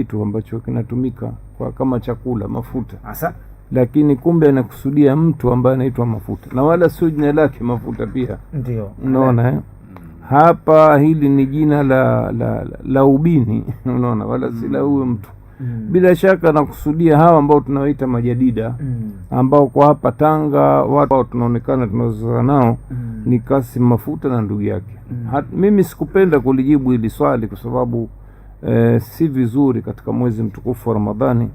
kitu ambacho kinatumika kwa kama chakula mafuta Asa? lakini kumbe anakusudia mtu ambaye anaitwa mafuta na wala sio jina lake mafuta pia ndio unaona eh? hapa hili ni jina la, la, la, la ubini unaona wala si la huyo mm. mtu Mm. Bila shaka nakusudia hawa ambao tunawaita majadida mm. ambao kwa hapa Tanga watu tunaonekana tunazozana nao mm. ni Kasim Mafuta na ndugu yake mm. mimi sikupenda kulijibu hili swali kwa sababu e, si vizuri katika mwezi mtukufu wa Ramadhani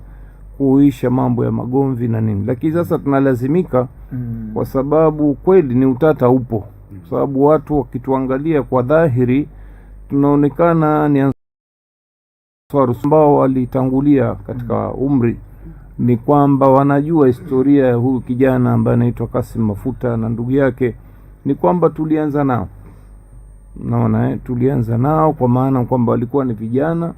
kuisha mambo ya magomvi na nini, lakini sasa tunalazimika mm. kwa sababu kweli ni utata upo, mm. kwa sababu watu wakituangalia kwa dhahiri tunaonekana ni ambao walitangulia katika mm. umri ni kwamba wanajua historia ya huyu kijana ambaye anaitwa Kasim Mafuta na ndugu yake, ni kwamba tulianza nao naona eh, tulianza nao kwa maana kwamba walikuwa ni vijana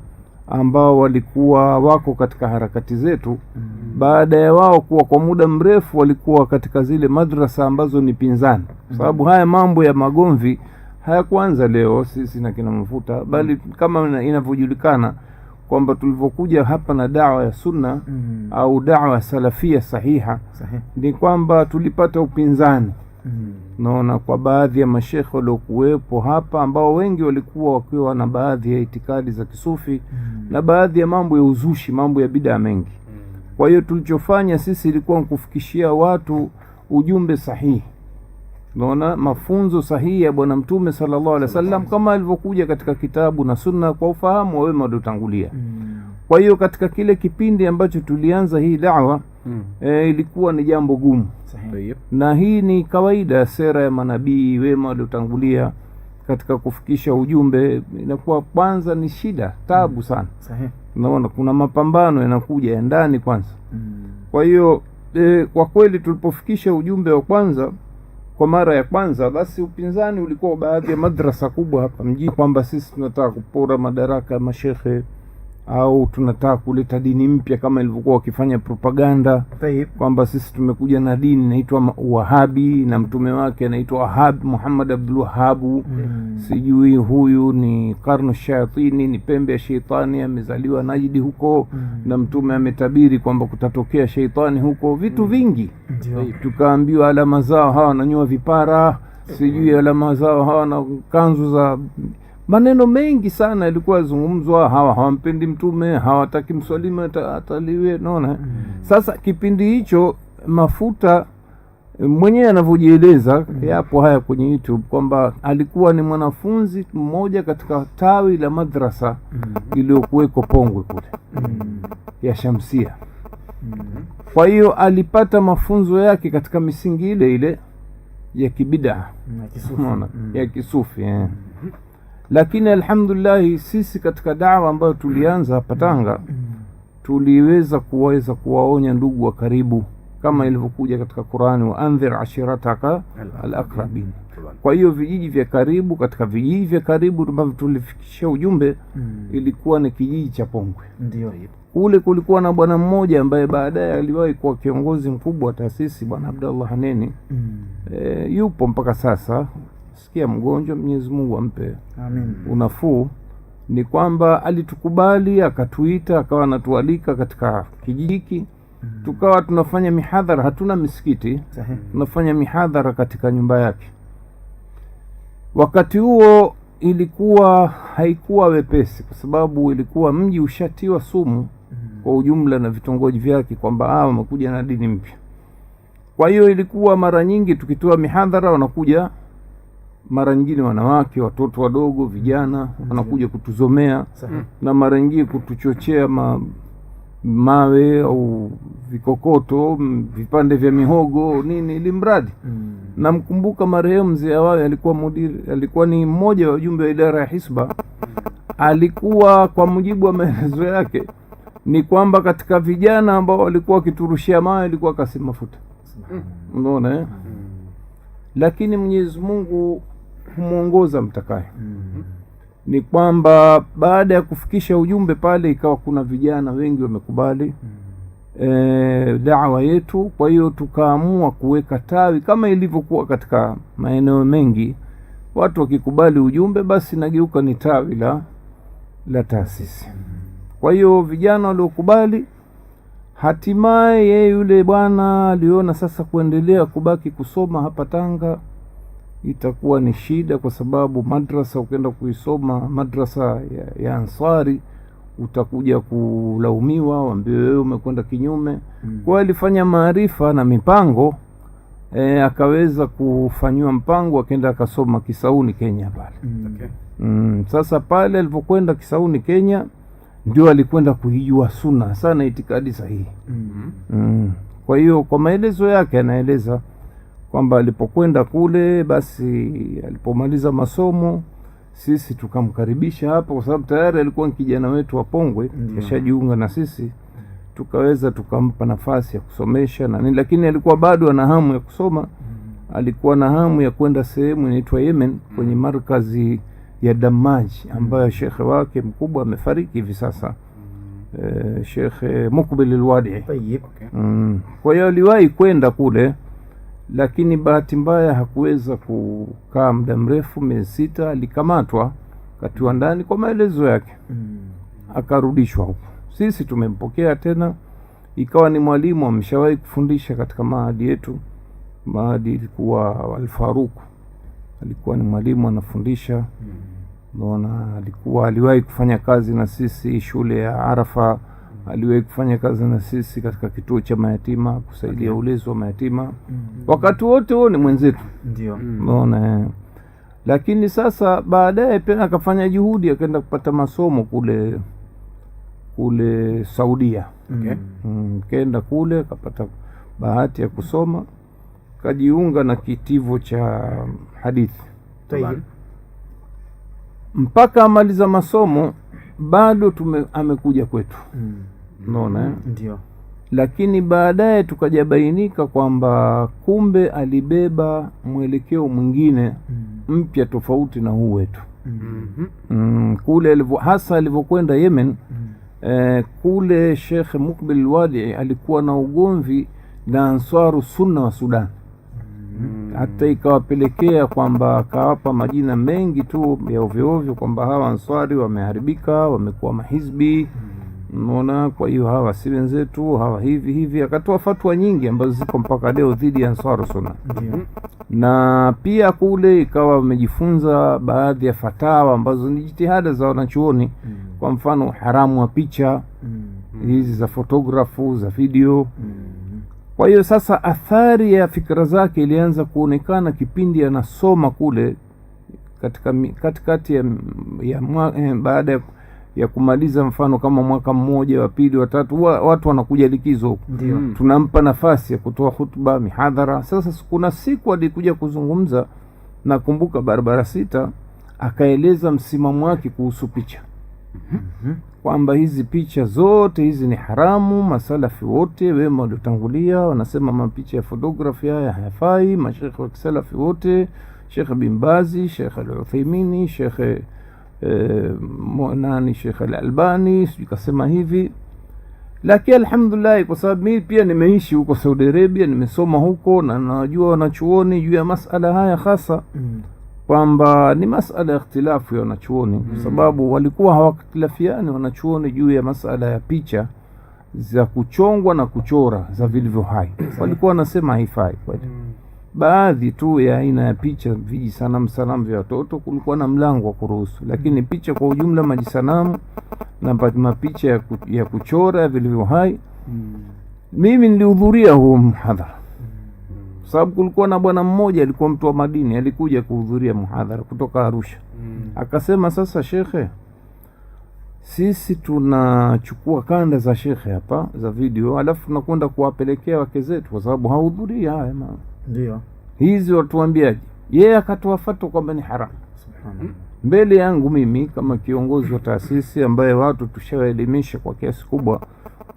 ambao walikuwa wako katika harakati zetu mm-hmm. Baada ya wao kuwa kwa muda mrefu walikuwa katika zile madrasa ambazo ni pinzani mm-hmm. Sababu haya mambo ya magomvi hayakuanza leo sisi na kina Mafuta, bali mm-hmm. kama inavyojulikana kwamba tulivyokuja hapa na dawa ya sunna mm-hmm. au dawa ya salafia sahiha Sahih. Ni kwamba tulipata upinzani mm. naona kwa baadhi ya mashekhe waliokuwepo hapa ambao wengi walikuwa wakiwa na baadhi ya itikadi za kisufi mm. na baadhi ya mambo ya uzushi, mambo ya bidaa mengi mm. kwa hiyo tulichofanya sisi ilikuwa kufikishia watu ujumbe sahihi naona mafunzo sahihi ya Bwana Mtume sallallahu alaihi wasallam kama alivyokuja katika kitabu na sunna kwa ufahamu wa wema waliotangulia mm. kwa hiyo katika kile kipindi ambacho tulianza hii dawa mm. e, ilikuwa ni jambo gumu na hii ni kawaida sera ya manabii wema waliotangulia katika kufikisha ujumbe inakuwa kwanza ni shida tabu mm. sana unaona kuna mapambano yanakuja ya ndani kwanza mm. kwa hiyo e, kwa kweli tulipofikisha ujumbe wa kwanza kwa mara ya kwanza basi upinzani ulikuwa baadhi ya madrasa kubwa hapa mjini kwamba sisi tunataka kupora madaraka ya mashekhe au tunataka kuleta dini mpya kama ilivyokuwa wakifanya propaganda kwamba sisi tumekuja na dini inaitwa Wahabi na mtume wake anaitwa Wahab, Muhammad Abdul Wahabu mm. sijui huyu ni karnu shayatini, ni pembe ya sheitani, amezaliwa Najidi huko mm. na mtume ametabiri kwamba kutatokea sheitani huko, vitu mm. vingi tukaambiwa alama zao hawa wananyua vipara, mm. sijui alama zao hawa na kanzu za maneno mengi sana yalikuwa yazungumzwa hawa hawampendi mtume hawataki mswalima ataliwe naona mm. sasa kipindi hicho mafuta mwenyewe anavyojieleza mm. yapo haya kwenye youtube kwamba alikuwa ni mwanafunzi mmoja katika tawi la madrasa mm. iliyokuweko pongwe kule mm. ya shamsia mm. kwa hiyo alipata mafunzo yake katika misingi ile ile ya kibidaa ya kisufi, mm. ya kisufi eh. mm lakini alhamdulillah sisi katika dawa ambayo tulianza hapa Tanga tuliweza kuweza kuwaonya ndugu wa karibu kama ilivyokuja katika Qurani, wa andhir ashirataka alakrabin Kwa hiyo vijiji vya karibu, katika vijiji vya karibu ambavyo tulifikisha ujumbe hmm. ilikuwa ni kijiji cha Pongwe. Ndio kule kulikuwa na bwana mmoja ambaye baadaye aliwahi kuwa kiongozi mkubwa wa taasisi, bwana Abdallah Haneni. Hmm. E, yupo mpaka sasa sikia mgonjwa, Mwenyezi Mungu ampe unafuu. Ni kwamba alitukubali akatuita, akawa anatualika katika kijiji hiki mm. tukawa tunafanya mihadhara, hatuna misikiti tunafanya mihadhara katika nyumba yake. Wakati huo ilikuwa haikuwa wepesi, kwa sababu ilikuwa mji ushatiwa sumu mm. kwa ujumla na vitongoji vyake, kwamba ah, wamekuja na dini mpya. Kwa hiyo ilikuwa mara nyingi tukitoa mihadhara wanakuja mara nyingine wanawake, watoto wadogo, vijana wanakuja kutuzomea Sahi. Mm. na mara nyingine kutuchochea ma, mawe au vikokoto vipande vya mihogo nini, ili mradi mm. Namkumbuka marehemu mzee Awawe alikuwa mudiri, alikuwa ni mmoja wa wajumbe wa idara ya hisba. Alikuwa kwa mujibu wa maelezo yake ni kwamba katika vijana ambao walikuwa wakiturushia mawe alikuwa kasi mafuta, unaona eh? mm. Lakini Mwenyezi Mungu humwongoza mtakaye mm. ni kwamba baada ya kufikisha ujumbe pale ikawa kuna vijana wengi wamekubali mm. E, dawa yetu. Kwa hiyo tukaamua kuweka tawi kama ilivyokuwa katika maeneo mengi, watu wakikubali ujumbe basi nageuka ni tawi la la taasisi. Mm-hmm. Kwa hiyo vijana waliokubali, hatimaye yeye yule bwana aliona sasa kuendelea kubaki kusoma hapa Tanga itakuwa ni shida, kwa sababu madrasa ukienda kuisoma madrasa ya, ya Ansari utakuja kulaumiwa, wambie wewe umekwenda kinyume mm. Kwa alifanya maarifa na mipango e, akaweza kufanyiwa mpango, akaenda akasoma Kisauni Kenya pale mm. Okay. Mm, sasa pale alipokwenda Kisauni Kenya ndio alikwenda kuijua suna sana itikadi sahihi mm. Mm. Kwa hiyo kwa maelezo yake anaeleza kwamba alipokwenda kule, basi alipomaliza masomo sisi tukamkaribisha hapa, kwa sababu tayari alikuwa ni kijana wetu wa Pongwe, ashajiunga na sisi, tukaweza tukampa nafasi ya kusomesha na nini, lakini alikuwa bado ana hamu ya kusoma. Hmm. Alikuwa na hamu ya kwenda sehemu inaitwa Yemen, hmm. kwenye markazi ya Damaji hmm. ambayo shekhe wake mkubwa amefariki hivi sasa. Uh, Shekhe Mukbil Alwadi. Okay. Mm. Kwa hiyo aliwahi kwenda kule lakini bahati mbaya hakuweza kukaa muda mrefu, miezi sita. Alikamatwa katiwa ndani kwa maelezo yake, mm. akarudishwa huku. Sisi tumempokea tena, ikawa ni mwalimu, ameshawahi kufundisha katika maadi yetu. Maadi ilikuwa Alfaruku, alikuwa ni mwalimu anafundisha. Mm. Naona alikuwa aliwahi kufanya kazi na sisi shule ya Arafa aliwahi kufanya kazi na sisi katika kituo cha mayatima kusaidia okay. ulezi wa mayatima mm -hmm. wakati wote huo ni mwenzetu ndio mm. umeona mm -hmm. lakini sasa baadaye tena akafanya juhudi akaenda kupata masomo kule kule Saudia okay. mm, kule akapata bahati ya kusoma kajiunga na kitivo cha hadithi mpaka amaliza masomo bado tume, amekuja kwetu mm unaona mm, ndio lakini baadaye tukajabainika kwamba kumbe alibeba mwelekeo mwingine mm. mpya tofauti na huu wetu mm-hmm. mm, kule alivyo hasa alivyokwenda yemen mm-hmm. Eh, kule Shekh Mukbil Wadii alikuwa na ugomvi na Ansaru Sunna wa Sudan mm. hata ikawapelekea kwamba akawapa majina mengi tu ya ovyoovyo kwamba hawa Ansari wameharibika, wamekuwa mahizbi mm Mona. Kwa hiyo hawa si wenzetu hawa, hivi hivi. Akatoa fatwa nyingi ambazo ziko mpaka leo dhidi ya Ansar Sunna Na pia kule ikawa wamejifunza baadhi ya fatawa ambazo ni jitihada za wanachuoni mm. Kwa mfano haramu wa picha mm. hizi za fotografu za video mm. Kwa hiyo sasa athari ya fikra zake ilianza kuonekana kipindi anasoma kule katika katikati ya, ya, ya, eh, baada ya ya kumaliza mfano kama mwaka mmoja wa pili watatu wa, watu wanakuja likizo huku mm. tunampa nafasi ya kutoa hutuba mihadhara sasa kuna siku alikuja kuzungumza nakumbuka barabara sita akaeleza msimamo wake kuhusu picha mhm. kwamba hizi picha zote hizi ni haramu masalafi wote wema waliotangulia wanasema mapicha ya fotografi haya hayafai mashekhe wa kisalafi wote shekhe bimbazi shekhe al utheimini shekhe e, nani Shekh al albani sikasema hivi. Lakini alhamdulillahi, kwa sababu mimi pia nimeishi huko Saudi Arabia, nimesoma huko na najua wanachuoni juu ya masala haya hasa mm. kwamba ni masala ya ikhtilafu ya wanachuoni kwa mm. sababu walikuwa hawakhtilafiani wanachuoni juu ya masala ya picha za kuchongwa na kuchora za vilivyo hai walikuwa wanasema haifai kweli. Mm baadhi tu ya aina ya picha viji sanamu vya watoto kulikuwa na mlango wa kuruhusu, lakini picha kwa ujumla, maji sanamu na mapicha ya kuchora vilivyo hai hmm. Mimi nilihudhuria huo mhadhara hmm. sababu kulikuwa na bwana mmoja alikuwa mtu wa madini, alikuja kuhudhuria mhadhara kutoka Arusha hmm. Akasema, sasa shekhe, sisi tunachukua kanda za shekhe hapa za video, alafu tunakwenda kuwapelekea wake zetu, kwa sababu hahudhurii haya ndio hizi watuambiaje? Yeye akatoa fatwa kwamba ni haramu hmm. mbele yangu mimi kama kiongozi wa taasisi ambaye watu tushawaelimisha kwa kiasi kubwa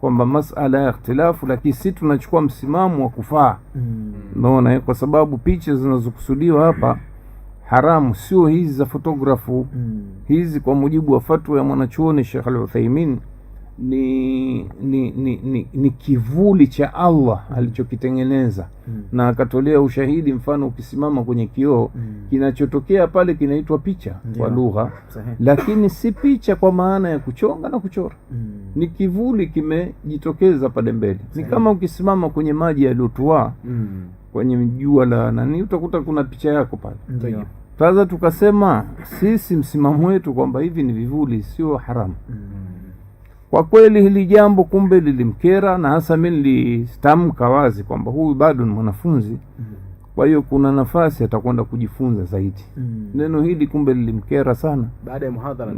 kwamba masala ya ikhtilafu, lakini si tunachukua msimamo wa kufaa. Hmm. Unaona eh, kwa sababu picha zinazokusudiwa hapa haramu sio hizi za fotografu hmm. hizi kwa mujibu wa fatwa ya mwanachuoni Sheikh Al-Uthaymeen ni ni, ni, ni ni kivuli cha Allah alichokitengeneza mm. na akatolea ushahidi, mfano ukisimama kwenye kioo mm. kinachotokea pale kinaitwa picha yeah. kwa lugha lakini si picha kwa maana ya kuchonga na kuchora mm. ni kivuli kimejitokeza pale mbele, ni kama ukisimama kwenye maji yaliyotuaa mm. kwenye jua la nani, utakuta kuna picha yako pale. Sasa tukasema sisi msimamo wetu kwamba hivi ni vivuli, sio haramu mm. Kwa kweli hili jambo kumbe lilimkera, na hasa mi nilitamka wazi kwamba huyu bado ni mwanafunzi mm kwa hiyo kuna nafasi atakwenda kujifunza zaidi mm Neno hili kumbe lilimkera sana. Baada ya muhadhara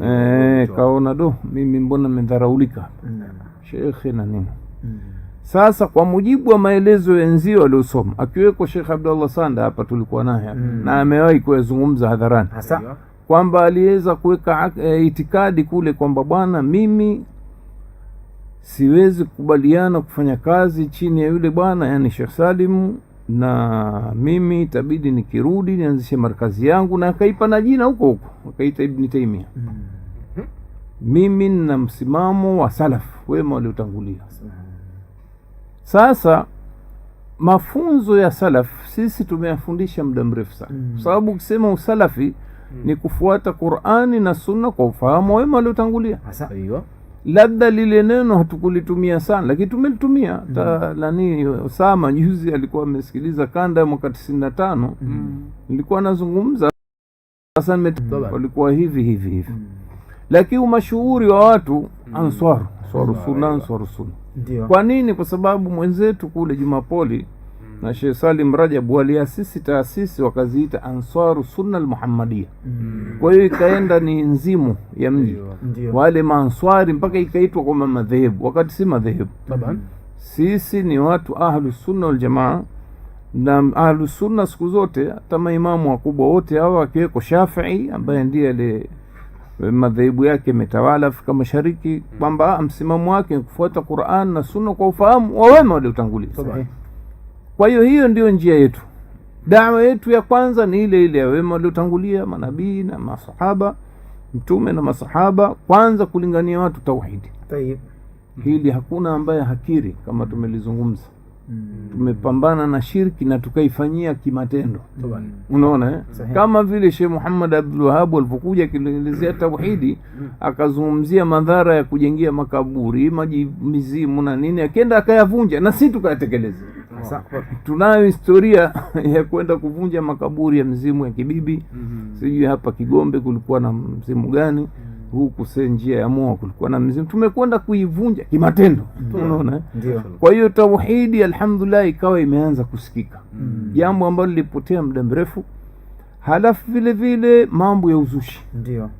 e, kaona do, mimi mbona mmedharaulika mm shekhe na nini mm Sasa kwa mujibu wa maelezo wenzio waliosoma, akiweko Shekh Abdullah Sanda hapa tulikuwa naye mm. na amewahi kuyazungumza hadharani kwamba aliweza kuweka e, itikadi kule kwamba bwana, mimi siwezi kukubaliana kufanya kazi chini ya yule bwana, yani Sheikh Salim, na mimi itabidi nikirudi nianzishe markazi yangu, na akaipa na jina huko huko akaita Ibni Taimia. mm -hmm. Mimi nina msimamo wa salaf wema waliotangulia. Mm-hmm. Sasa mafunzo ya salaf sisi tumeyafundisha muda mrefu sana, mm-hmm. kwa sababu ukisema usalafi mm-hmm. ni kufuata Qurani na Sunna kwa ufahamu wema waliotangulia labda lile neno hatukulitumia sana lakini tumelitumia mm. Nani Osama juzi alikuwa amesikiliza kanda ya mwaka tisini na tano mm. nilikuwa nazungumza sasa mm. walikuwa hivi hivi hivi mm. lakini umashuhuri wa watu mm. answaru swarusula answarusula. Kwa nini? Kwa sababu mwenzetu kule Jumapoli na Sheikh Salim Rajab waliasisi taasisi wakaziita Ansaru Sunna Almuhammadia. mm. kwa hiyo ikaenda ni nzimu ya mji wale maanswari mpaka ikaitwa kwamba madhehebu, wakati si madhehebu. Sisi ni watu Ahlusunna Waljamaa na Ahlusunna siku zote, hata maimamu wakubwa wote hawa akiweko Shafii ambaye ndiye ale eh, madhehebu yake imetawala Afrika Mashariki, kwamba ah, msimamo wake kufuata Quran na Sunna kwa ufahamu wa wema waliotangulia kwa hiyo hiyo ndiyo njia yetu. Dawa yetu ya kwanza ni ile ile ya wema waliotangulia, manabii na masahaba, mtume na masahaba, kwanza kulingania watu tauhidi. Hili hakuna ambaye hakiri, kama tumelizungumza. Mm. tumepambana na shirki na tukaifanyia kimatendo. Unaona eh? Kama vile Sheikh Muhammad abdulwahabu alivokuja alipokuja akielezea tauhidi, mm. akazungumzia madhara ya kujengia makaburi, maji, mizimu na nini, akenda akayavunja, na si tukayatekeleza. Tunayo historia ya kwenda kuvunja makaburi ya mzimu ya kibibi, mm-hmm. sijui hapa Kigombe kulikuwa na mzimu gani mm huku se njia ya moa kulikuwa na mzimu, tumekwenda kuivunja kimatendo. Unaona, kwa hiyo tauhidi alhamdulillah ikawa imeanza kusikika, mm. jambo ambalo lilipotea muda mrefu. Halafu vile vile mambo ya uzushi, ndio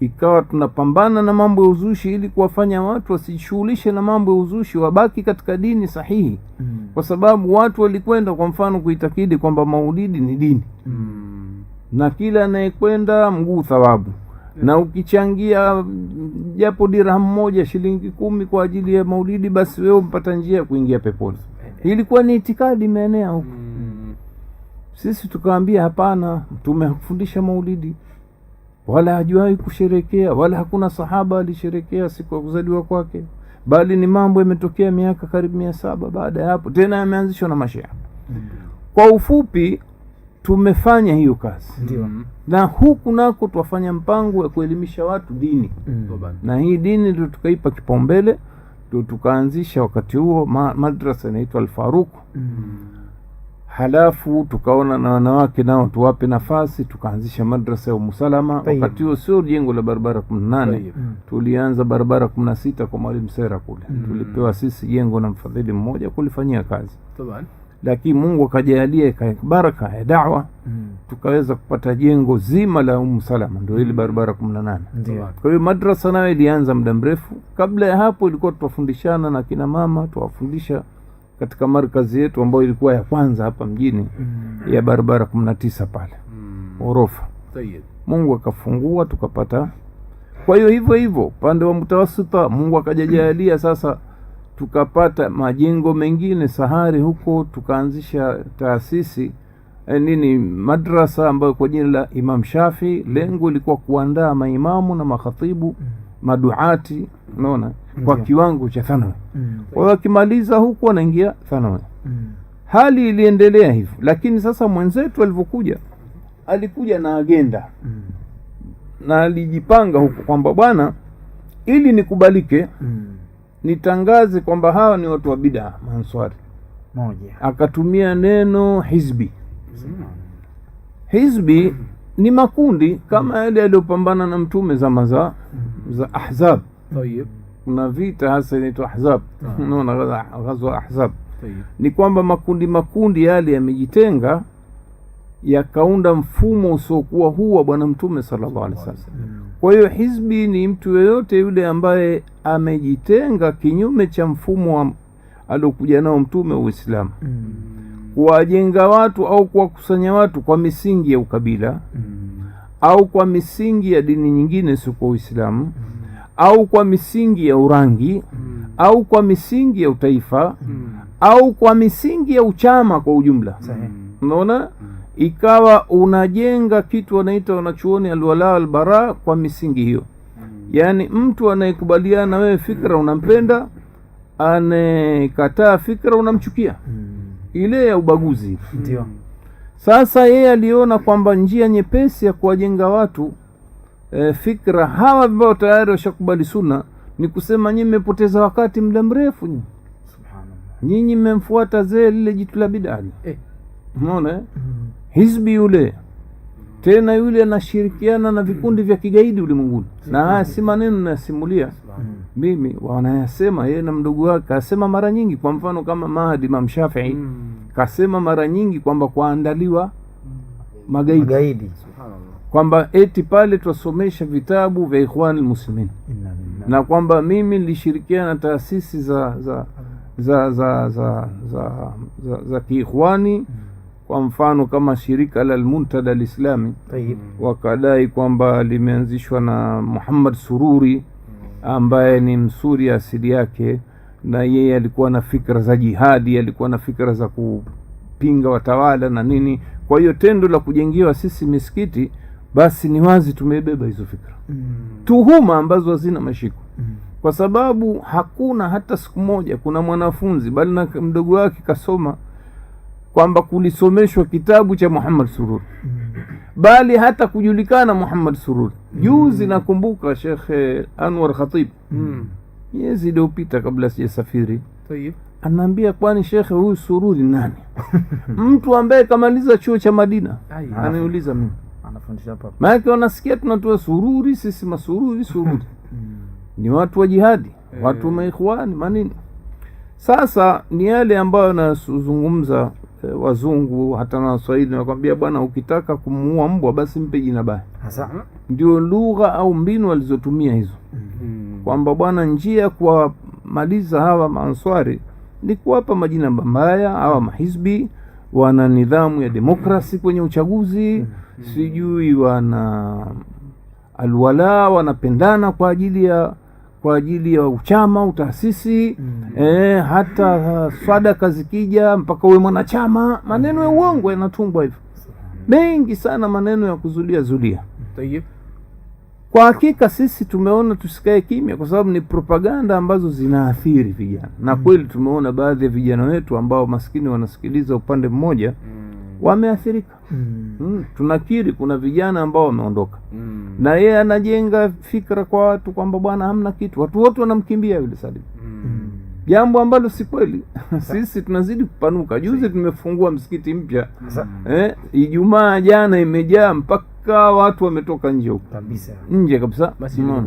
ikawa tunapambana na mambo ya uzushi ili kuwafanya watu wasijishughulishe na mambo ya uzushi, wabaki katika dini sahihi mm. kwa sababu watu walikwenda kwa mfano kuitakidi kwamba maulidi ni dini mm. na kila anayekwenda mguu thawabu na ukichangia japo dirhamu moja shilingi kumi kwa ajili ya maulidi, basi wewe umpata njia ya kuingia peponi. Ilikuwa ni itikadi imeenea huko. Mm. Sisi tukawambia hapana, Mtume hakufundisha maulidi wala hajawahi kusherekea wala hakuna sahaba alisherekea siku ya kuzaliwa kwake, bali ni mambo yametokea miaka karibu mia saba baada ya hapo, tena yameanzishwa na mashia. Mm. Kwa ufupi tumefanya hiyo kazi Ndiyo. Mm-hmm. na huku nako twafanya mpango ya kuelimisha watu dini mm. na hii dini ndio tukaipa kipaumbele ndio tukaanzisha wakati huo ma, madrasa inaitwa alfaruku mm. halafu tukaona na wanawake nao tuwape nafasi tukaanzisha madrasa ya Umusalama wakati huo sio jengo la barabara kumi na nane mm. tulianza barabara kumi na sita kwa Mwalimu Sera kule mm. tulipewa sisi jengo na mfadhili mmoja kulifanyia kazi Taim lakini Mungu akajalia baraka ya dawa mm. tukaweza kupata jengo zima la Umu Salama, ndio ile mm. barabara kumi na Kwa hiyo madrasa nayo ilianza muda mrefu. Kabla ya hapo, ilikuwa tuwafundishana na kina mama, tuwafundisha katika markazi yetu ambayo ilikuwa ya kwanza hapa mjini mm. ya barabara kumi na tisa pale mm. ghorofa mm. Mungu akafungua tukapata. Kwa hiyo hivyo hivyo pande wa mtawasita Mungu akajajalia sasa tukapata majengo mengine Sahari huko, tukaanzisha taasisi E, nini madrasa ambayo kwa jina la Imam Shafi. Mm. Lengo ilikuwa kuandaa maimamu na makhatibu mm. maduati, naona kwa kiwango cha thanawi mm. kwa wakimaliza huku wanaingia thanawe mm. hali iliendelea hivyo, lakini sasa mwenzetu alivyokuja, alikuja na agenda mm. na alijipanga huku kwamba bwana, ili nikubalike mm nitangaze kwamba hawa ni watu wa bid'a Manswari. Moja akatumia neno hizbi. Hizbi hmm. ni makundi kama hmm. yale yaliyopambana na mtume zama za hmm. za ahzab. Kuna vita hasa inaitwa ahzab, ah. unaona ghazwa ahzab, ni kwamba makundi makundi yale yamejitenga yakaunda mfumo usiokuwa huu wa Bwana Mtume sallallahu alaihi wasallam. Kwa hiyo hizbi ni mtu yeyote yule ambaye amejitenga kinyume cha mfumo aliokuja nao mtume wa Uislamu, mm. kuwajenga watu au kuwakusanya watu kwa misingi ya ukabila mm. au kwa misingi ya dini nyingine si kwa Uislamu mm. au kwa misingi ya urangi au kwa misingi ya utaifa au kwa misingi ya uchama kwa ujumla. Unaona? ikawa unajenga kitu wanaita wanachuoni alwala albara kwa misingi hiyo hmm. yaani mtu anayekubaliana na wewe fikra unampenda anayekataa fikra unamchukia hmm. ile ya ubaguzi ndio hmm. sasa yeye aliona kwamba njia nyepesi ya kuwajenga watu e, fikra hawa ambao tayari washakubali suna ni kusema nyinyi mmepoteza wakati muda mrefu nyinyi nyinyi mmemfuata zee lile jitu la bidani eh. mm-hmm eh? hizbi yule tena yule anashirikiana na vikundi vya kigaidi ulimwenguni, na haya si maneno nayasimulia mm. mimi, wanayasema yeye na mdogo wake. Kasema mara nyingi, kwa mfano kama Mahdi Imam Shafii mm. kasema mara nyingi kwamba kwaandaliwa mm. magaidi, magaidi. kwamba eti pale twasomesha vitabu vya Ikhwani Muslimin na kwamba mimi nilishirikiana na taasisi za za za za za za, za, za, za kiikhwani kwa mfano kama shirika la lmuntada lislami wakadai kwamba limeanzishwa na Muhammad Sururi ambaye ni msuri asili yake, na yeye alikuwa na fikra za jihadi, alikuwa na fikra za kupinga watawala na nini. Kwa hiyo tendo la kujengiwa sisi misikiti, basi ni wazi tumebeba hizo fikra mm. tuhuma ambazo hazina mashiko mm. kwa sababu hakuna hata siku moja kuna mwanafunzi bali na mdogo wake kasoma kwamba kulisomeshwa kitabu cha Muhammad Sururi mm. bali hata kujulikana Muhammad Sururi. Juzi mm. nakumbuka Shekhe Anwar Khatib mm. miezi iliyopita kabla sijasafiri, anaambia kwani shekhe huyu Sururi nani? mtu ambaye kamaliza chuo cha Madina, anauliza mimi maanake wanasikia tunatoa sururi sisi masururi sururi ni watu wa jihadi watu wa eh. maikhwani manini. Sasa ni yale ambayo nazungumza Eh, wazungu hata na waswahili nakwambia bwana ukitaka kumuua mbwa basi mpe jina baya hmm? ndio lugha au mbinu walizotumia hizo mm-hmm. kwamba bwana njia ya kuwamaliza hawa manswari ni kuwapa majina mabaya hawa hmm. mahizbi wana nidhamu ya demokrasi hmm. kwenye uchaguzi mm-hmm. sijui wana alwala wanapendana kwa ajili ya kwa ajili ya uchama utaasisi mm -hmm. E, hata swadaka zikija mpaka uwe mwanachama. Maneno ya uongo yanatungwa hivyo mengi sana, maneno ya kuzulia zulia. Kwa hakika sisi tumeona tusikae kimya, kwa sababu ni propaganda ambazo zinaathiri vijana na mm. kweli tumeona baadhi ya vijana wetu ambao maskini wanasikiliza upande mmoja mm. wameathirika. Mm mm. tunakiri kuna vijana ambao wameondoka mm. na yeye anajenga fikra kwa watu kwamba bwana hamna kitu watu wote wanamkimbia yule Salim mm. jambo ambalo si kweli sisi tunazidi kupanuka juzi tumefungua msikiti mpya eh, ijumaa jana imejaa mpaka watu wametoka nje huko nje kabisa basi mm.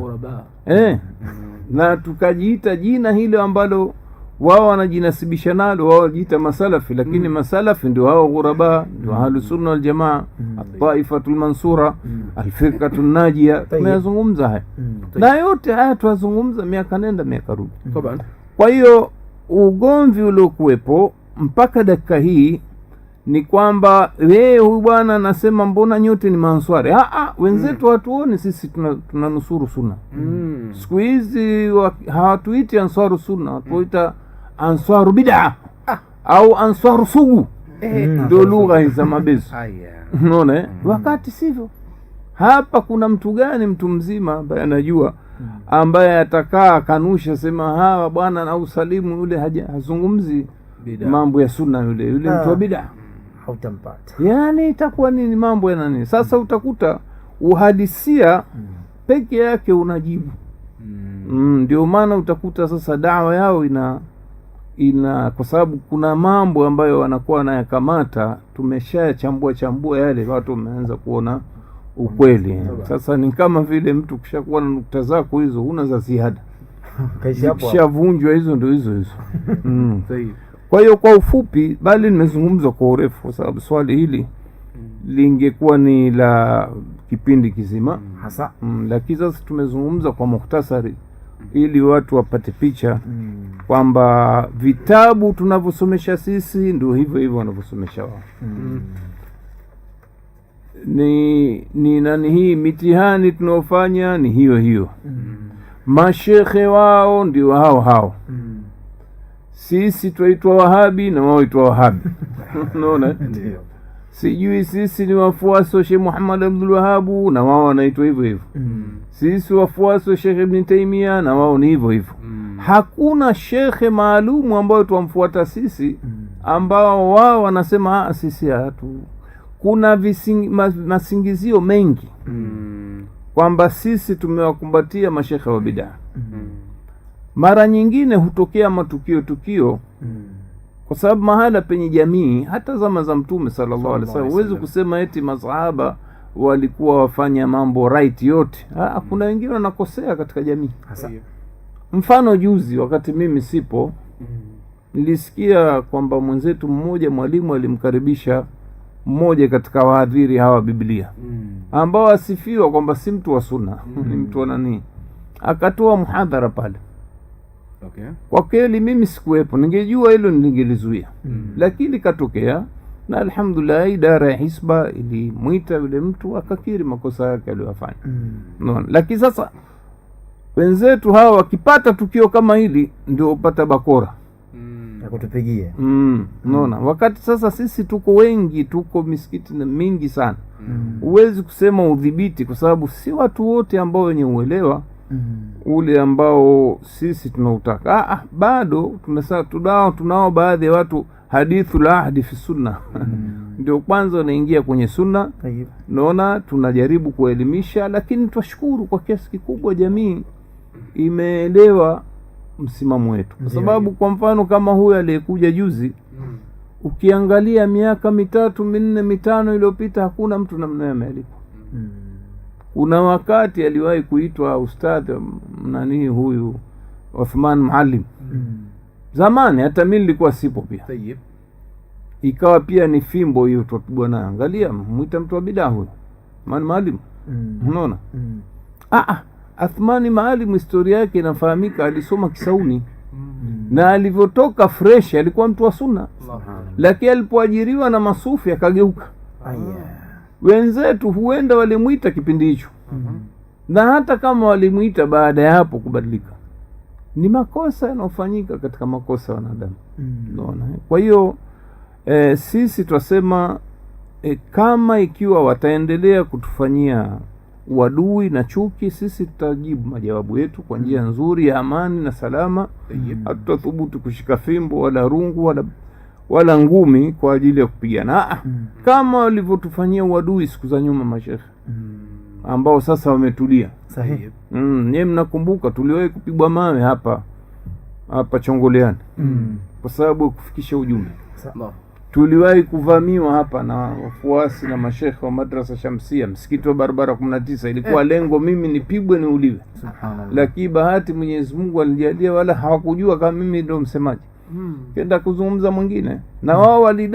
eh. Hmm. na tukajiita jina hilo ambalo wao wanajinasibisha nalo, wao wajiita masalafi, lakini mm. masalafi ndio hao ghuraba, ndio mm. ahlusunna waljamaa, mm. ataifatu lmansura, mm. alfirkatu lnajia Tumeyazungumza haya na yote haya tuwazungumza miaka nenda miaka rudi. Kwa hiyo ugomvi uliokuwepo mpaka dakika hii ni kwamba wee huyu bwana anasema mbona nyote ni manswari Aa, ah, ah, wenzetu mm. hatuoni sisi tunanusuru tuna suna mm. siku hizi hawatuiti answaru suna watuita mm answaru bid'a au answaru sugu eh, hmm. ndio lugha za mabezi unaona, eh? hmm. wakati sivyo. Hapa kuna mtu gani? Mtu mzima ambaye anajua hmm. ambaye atakaa akanusha sema hawa bwana na usalimu yule haja hazungumzi mambo ya sunna, yule yule ah. mtu wa bid'a hautampata. Yani itakuwa nini? Mambo ya nani Sasa utakuta uhadisia peke yake unajibu, ndio maana utakuta sasa dawa yao ina ina kwa sababu kuna mambo ambayo wanakuwa wanayakamata, tumeshayachambua chambua yale, watu wameanza kuona ukweli. Sasa ni kama vile mtu kishakuwa na nukta zako hizo, una za ziada kishavunjwa hizo ndio hizo hizo mm. Kwa hiyo kwa ufupi, bali nimezungumza kwa urefu, kwa sababu swali hili mm. lingekuwa ni la kipindi kizima hasa mm, lakini sasa tumezungumza kwa muhtasari ili watu wapate picha mm. kwamba vitabu tunavyosomesha sisi ndio hivyo hivyo wanavyosomesha wao mm. ni ni nani hii mitihani tunaofanya ni hiyo hiyo mm. mashekhe wao ndio hao hao mm. sisi twaitwa wahabi na wao itwa wahabi unaona ndio sijui sisi ni wafuasi wa Sheikh Muhammad Abdul Wahabu na wao wanaitwa hivyo hivyo mm. sisi wafuasi wa Sheikh Ibn Taimia na wao ni hivyo hivyo mm. hakuna shekhe maalumu ambayo twamfuata sisi mm. ambao wao wanasema ah, sisi hatu kuna vising, mas, masingizio mengi mm. kwamba sisi tumewakumbatia mashekhe wa bidaa mm. mara nyingine hutokea matukio tukio mm kwa sababu mahala penye jamii, hata zama za Mtume sallallahu alaihi wasallam, huwezi kusema eti masahaba walikuwa wafanya mambo right yote. Ha, ah, mm. kuna wengine wanakosea katika jamii. Hasa mfano juzi, wakati mimi sipo, mm. nilisikia kwamba mwenzetu mmoja mwalimu alimkaribisha mmoja katika wahadhiri hawa Biblia mm. ambao asifiwa kwamba si mtu wa Sunna ni mtu wa nani, akatoa mhadhara pale okay. Kwa kweli mimi sikuwepo, ningejua hilo ningelizuia mm. Lakini katokea na alhamdulillah, idara ya hisba ilimwita yule mtu akakiri makosa yake aliyofanya mm. Lakini sasa wenzetu hawa wakipata tukio kama hili ndio upata bakora hmm. kutupigia mm, naona mm. Wakati sasa sisi tuko wengi, tuko misikiti mingi sana mm. Huwezi kusema udhibiti, kwa sababu si watu wote ambao wenye uelewa mm. ule ambao sisi tunautaka. Ah, ah bado tunao, tunao baadhi ya watu hadithu la ahdi fi sunna mm. Mm-hmm. ndio kwanza wanaingia kwenye sunna. Naona tunajaribu kuelimisha, lakini twashukuru kwa kiasi kikubwa jamii imeelewa msimamo wetu, kwa sababu kwa mfano kama huyu aliyekuja juzi mm. ukiangalia miaka mitatu minne mitano iliyopita hakuna mtu namna amealikwa mm. Kuna wakati aliwahi kuitwa ustadhi nanii huyu Uthman Maalim mm. zamani, hata mi nilikuwa sipo pia Tayyip. ikawa pia ni fimbo hiyo twapigwa nayo. Angalia, mwita mtu wa bidaa huyu Uthman Maalim mm. unaona mm. ah, Athmani ah. maalimu historia yake inafahamika, alisoma Kisauni hmm. na alivyotoka fresh alikuwa mtu wa sunna, lakini alipoajiriwa na masufi akageuka ah, yeah wenzetu huenda walimwita kipindi hicho mm-hmm. na hata kama walimwita baada ya hapo kubadilika, ni makosa yanayofanyika katika makosa ya wanadamu mm-hmm. kwa hiyo e, sisi twasema e, kama ikiwa wataendelea kutufanyia wadui na chuki, sisi tutajibu majawabu yetu kwa njia mhm. nzuri ya amani na salama. Hatutathubutu mm-hmm. kushika fimbo wala rungu wala wala ngumi kwa ajili ya kupigana mm. kama walivyotufanyia uadui siku za nyuma mashekhe mm. ambao sasa wametulia sahihi. Mm, nyie mnakumbuka tuliwahi kupigwa mawe hapa hapa Chongoleani mm. kwa sababu ya kufikisha ujumbe. Tuliwahi kuvamiwa hapa na wafuasi na mashekhe wa madrasa Shamsia, msikiti wa barabara kumi na tisa. Ilikuwa eh, lengo mimi nipigwe niuliwe, lakini bahati Mwenyezi Mungu alijalia, wala hawakujua kama mimi ndio msemaji Hmm. kenda kuzungumza mwingine na wao walidai